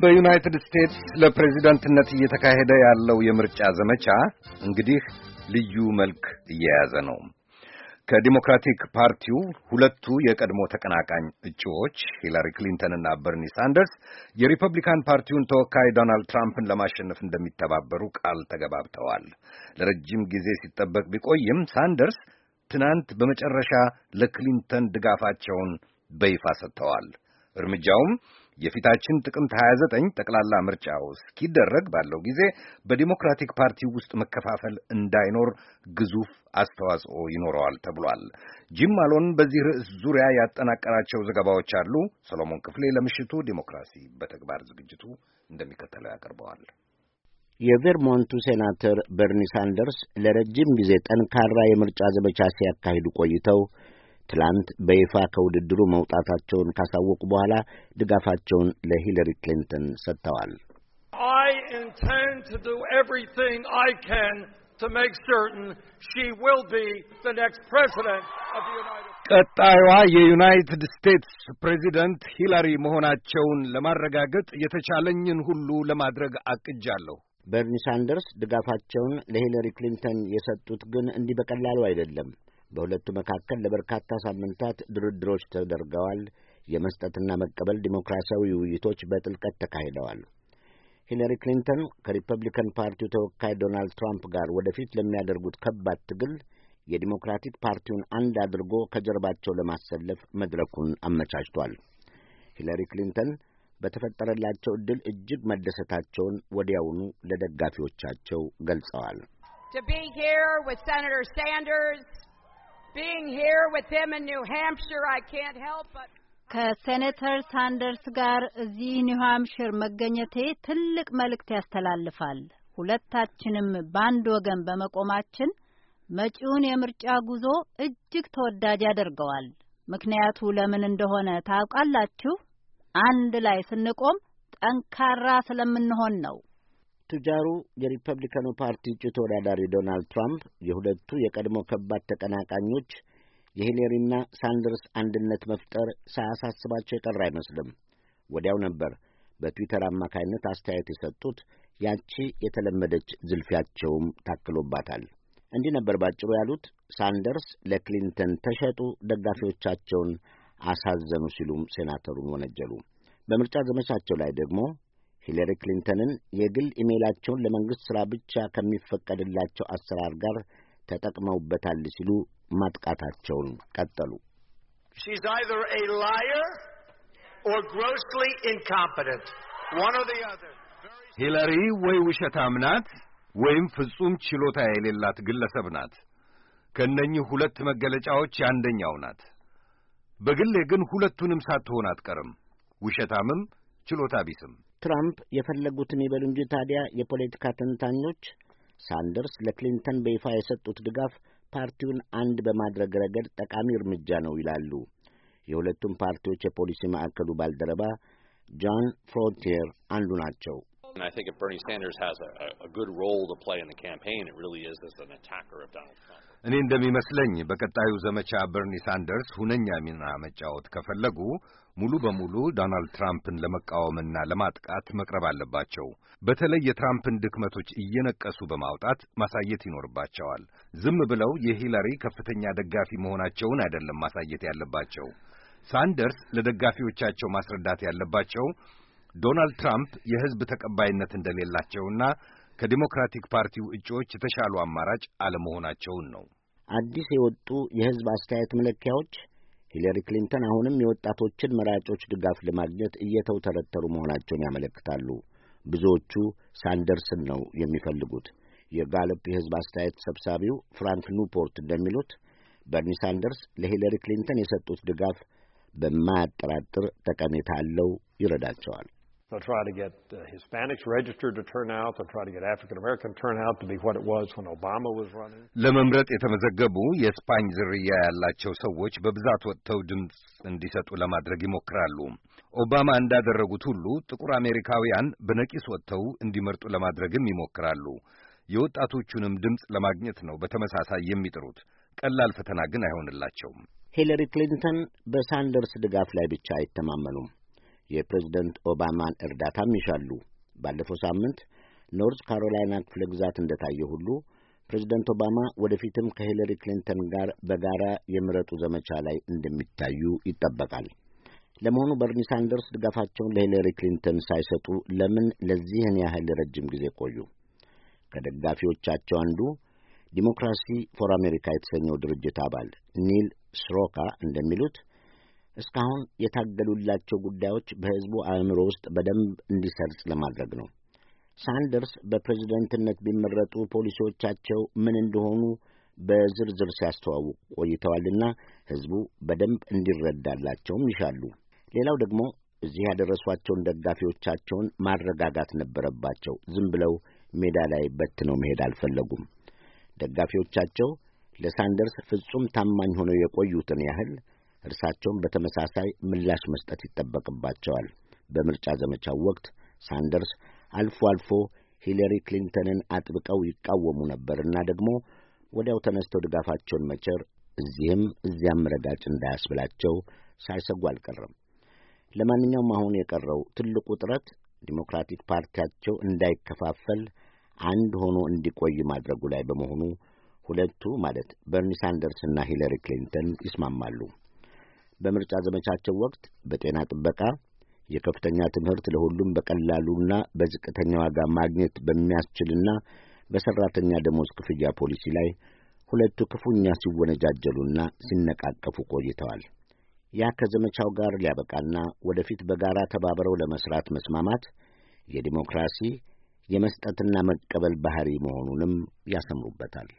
በዩናይትድ ስቴትስ ለፕሬዚዳንትነት እየተካሄደ ያለው የምርጫ ዘመቻ እንግዲህ ልዩ መልክ እየያዘ ነው። ከዲሞክራቲክ ፓርቲው ሁለቱ የቀድሞ ተቀናቃኝ እጩዎች ሂላሪ ክሊንተን እና በርኒ ሳንደርስ የሪፐብሊካን ፓርቲውን ተወካይ ዶናልድ ትራምፕን ለማሸነፍ እንደሚተባበሩ ቃል ተገባብተዋል። ለረጅም ጊዜ ሲጠበቅ ቢቆይም ሳንደርስ ትናንት በመጨረሻ ለክሊንተን ድጋፋቸውን በይፋ ሰጥተዋል። እርምጃውም የፊታችን ጥቅምት 29 ጠቅላላ ምርጫው እስኪደረግ ባለው ጊዜ በዲሞክራቲክ ፓርቲ ውስጥ መከፋፈል እንዳይኖር ግዙፍ አስተዋጽኦ ይኖረዋል ተብሏል። ጂም ማሎን በዚህ ርዕስ ዙሪያ ያጠናቀራቸው ዘገባዎች አሉ። ሰሎሞን ክፍሌ ለምሽቱ ዲሞክራሲ በተግባር ዝግጅቱ እንደሚከተለው ያቀርበዋል። የቬርሞንቱ ሴናተር በርኒ ሳንደርስ ለረጅም ጊዜ ጠንካራ የምርጫ ዘመቻ ሲያካሂዱ ቆይተው ትላንት በይፋ ከውድድሩ መውጣታቸውን ካሳወቁ በኋላ ድጋፋቸውን ለሂለሪ ክሊንተን ሰጥተዋል። ቀጣዩዋ የዩናይትድ ስቴትስ ፕሬዚደንት ሂላሪ መሆናቸውን ለማረጋገጥ የተቻለኝን ሁሉ ለማድረግ አቅጃለሁ። በርኒ ሳንደርስ ድጋፋቸውን ለሂለሪ ክሊንተን የሰጡት ግን እንዲህ በቀላሉ አይደለም። በሁለቱ መካከል ለበርካታ ሳምንታት ድርድሮች ተደርገዋል። የመስጠትና መቀበል ዲሞክራሲያዊ ውይይቶች በጥልቀት ተካሂደዋል። ሂለሪ ክሊንተን ከሪፐብሊካን ፓርቲው ተወካይ ዶናልድ ትራምፕ ጋር ወደፊት ለሚያደርጉት ከባድ ትግል የዲሞክራቲክ ፓርቲውን አንድ አድርጎ ከጀርባቸው ለማሰለፍ መድረኩን አመቻችቷል። ሂለሪ ክሊንተን በተፈጠረላቸው ዕድል እጅግ መደሰታቸውን ወዲያውኑ ለደጋፊዎቻቸው ገልጸዋል። ከሴኔተር ሳንደርስ ጋር እዚህ ኒው ሃምሽር መገኘቴ ትልቅ መልእክት ያስተላልፋል። ሁለታችንም በአንድ ወገን በመቆማችን መጪውን የምርጫ ጉዞ እጅግ ተወዳጅ ያደርገዋል። ምክንያቱ ለምን እንደሆነ ታውቃላችሁ? አንድ ላይ ስንቆም ጠንካራ ስለምንሆን ነው። ቱጃሩ የሪፐብሊካኑ ፓርቲ እጩ ተወዳዳሪ ዶናልድ ትራምፕ የሁለቱ የቀድሞ ከባድ ተቀናቃኞች የሂለሪና ሳንደርስ አንድነት መፍጠር ሳያሳስባቸው የቀረ አይመስልም። ወዲያው ነበር በትዊተር አማካይነት አስተያየት የሰጡት። ያቺ የተለመደች ዝልፊያቸውም ታክሎባታል። እንዲህ ነበር ባጭሩ ያሉት። ሳንደርስ ለክሊንተን ተሸጡ፣ ደጋፊዎቻቸውን አሳዘኑ ሲሉም ሴናተሩን ወነጀሉ። በምርጫ ዘመቻቸው ላይ ደግሞ ሂለሪ ክሊንተንን የግል ኢሜይላቸውን ለመንግሥት ሥራ ብቻ ከሚፈቀድላቸው አሰራር ጋር ተጠቅመውበታል ሲሉ ማጥቃታቸውን ቀጠሉ። ሂለሪ ወይ ውሸታም ናት ወይም ፍጹም ችሎታ የሌላት ግለሰብ ናት። ከእነኚህ ሁለት መገለጫዎች አንደኛው ናት። በግሌ ግን ሁለቱንም ሳትሆን አትቀርም፣ ውሸታምም ችሎታ ቢስም። ትራምፕ የፈለጉትን ይበሉ እንጂ ታዲያ የፖለቲካ ተንታኞች ሳንደርስ ለክሊንተን በይፋ የሰጡት ድጋፍ ፓርቲውን አንድ በማድረግ ረገድ ጠቃሚ እርምጃ ነው ይላሉ። የሁለቱም ፓርቲዎች የፖሊሲ ማዕከሉ ባልደረባ ጆን ፍሮንቲየር አንዱ ናቸው። And I think if Bernie Sanders has a, a good role to play in the campaign, it really is as an attacker of Donald Trump. እኔ እንደሚመስለኝ በቀጣዩ ዘመቻ በርኒ ሳንደርስ ሁነኛ ሚና መጫወት ከፈለጉ ሙሉ በሙሉ ዶናልድ ትራምፕን ለመቃወምና ለማጥቃት መቅረብ አለባቸው። በተለይ የትራምፕን ድክመቶች እየነቀሱ በማውጣት ማሳየት ይኖርባቸዋል። ዝም ብለው የሂላሪ ከፍተኛ ደጋፊ መሆናቸውን አይደለም ማሳየት ያለባቸው። ሳንደርስ ለደጋፊዎቻቸው ማስረዳት ያለባቸው ዶናልድ ትራምፕ የህዝብ ተቀባይነት እንደሌላቸውና ከዲሞክራቲክ ፓርቲው እጩዎች የተሻሉ አማራጭ አለመሆናቸውን ነው። አዲስ የወጡ የህዝብ አስተያየት መለኪያዎች ሂለሪ ክሊንተን አሁንም የወጣቶችን መራጮች ድጋፍ ለማግኘት እየተውተረተሩ መሆናቸውን ያመለክታሉ። ብዙዎቹ ሳንደርስን ነው የሚፈልጉት። የጋለፕ የህዝብ አስተያየት ሰብሳቢው ፍራንክ ኑፖርት እንደሚሉት በርኒ ሳንደርስ ለሂለሪ ክሊንተን የሰጡት ድጋፍ በማያጠራጥር ጠቀሜታ አለው፣ ይረዳቸዋል። They'll try to get uh, Hispanics registered to turn out. They'll try to get African American turnout to be what it was when Obama was running. ለመምረጥ የተመዘገቡ የስፓኝ ዝርያ ያላቸው ሰዎች በብዛት ወጥተው ድምፅ እንዲሰጡ ለማድረግ ይሞክራሉ። ኦባማ እንዳደረጉት ሁሉ ጥቁር አሜሪካውያን በነቂስ ወጥተው እንዲመርጡ ለማድረግም ይሞክራሉ። የወጣቶቹንም ድምፅ ለማግኘት ነው በተመሳሳይ የሚጥሩት። ቀላል ፈተና ግን አይሆንላቸውም። ሂለሪ ክሊንተን በሳንደርስ ድጋፍ ላይ ብቻ አይተማመኑም። የፕሬዝደንት ኦባማን እርዳታም ይሻሉ። ባለፈው ሳምንት ኖርዝ ካሮላይና ክፍለ ግዛት እንደታየ ሁሉ ፕሬዝደንት ኦባማ ወደፊትም ከሂለሪ ክሊንተን ጋር በጋራ የምረጡ ዘመቻ ላይ እንደሚታዩ ይጠበቃል። ለመሆኑ በርኒ ሳንደርስ ድጋፋቸውን ለሂለሪ ክሊንተን ሳይሰጡ ለምን ለዚህን ያህል ረጅም ጊዜ ቆዩ? ከደጋፊዎቻቸው አንዱ ዲሞክራሲ ፎር አሜሪካ የተሰኘው ድርጅት አባል ኒል ስሮካ እንደሚሉት እስካሁን የታገሉላቸው ጉዳዮች በሕዝቡ አእምሮ ውስጥ በደንብ እንዲሰርጽ ለማድረግ ነው። ሳንደርስ በፕሬዝደንትነት ቢመረጡ ፖሊሲዎቻቸው ምን እንደሆኑ በዝርዝር ሲያስተዋውቁ ቆይተዋልና ሕዝቡ በደንብ እንዲረዳላቸውም ይሻሉ። ሌላው ደግሞ እዚህ ያደረሷቸውን ደጋፊዎቻቸውን ማረጋጋት ነበረባቸው። ዝም ብለው ሜዳ ላይ በትነው መሄድ አልፈለጉም። ደጋፊዎቻቸው ለሳንደርስ ፍጹም ታማኝ ሆነው የቆዩትን ያህል እርሳቸውም በተመሳሳይ ምላሽ መስጠት ይጠበቅባቸዋል። በምርጫ ዘመቻው ወቅት ሳንደርስ አልፎ አልፎ ሂለሪ ክሊንተንን አጥብቀው ይቃወሙ ነበርና ደግሞ ወዲያው ተነስተው ድጋፋቸውን መቸር እዚህም እዚያም ረጋጭ እንዳያስብላቸው ሳይሰጉ አልቀረም። ለማንኛውም አሁን የቀረው ትልቁ ጥረት ዲሞክራቲክ ፓርቲያቸው እንዳይከፋፈል አንድ ሆኖ እንዲቆይ ማድረጉ ላይ በመሆኑ ሁለቱ ማለት በርኒ ሳንደርስና ሂለሪ ክሊንተን ይስማማሉ። በምርጫ ዘመቻቸው ወቅት በጤና ጥበቃ፣ የከፍተኛ ትምህርት ለሁሉም በቀላሉና በዝቅተኛ ዋጋ ማግኘት በሚያስችልና በሰራተኛ ደሞዝ ክፍያ ፖሊሲ ላይ ሁለቱ ክፉኛ ሲወነጃጀሉና ሲነቃቀፉ ቆይተዋል። ያ ከዘመቻው ጋር ሊያበቃና ወደፊት በጋራ ተባብረው ለመስራት መስማማት የዲሞክራሲ የመስጠትና መቀበል ባህሪ መሆኑንም ያሰምሩበታል።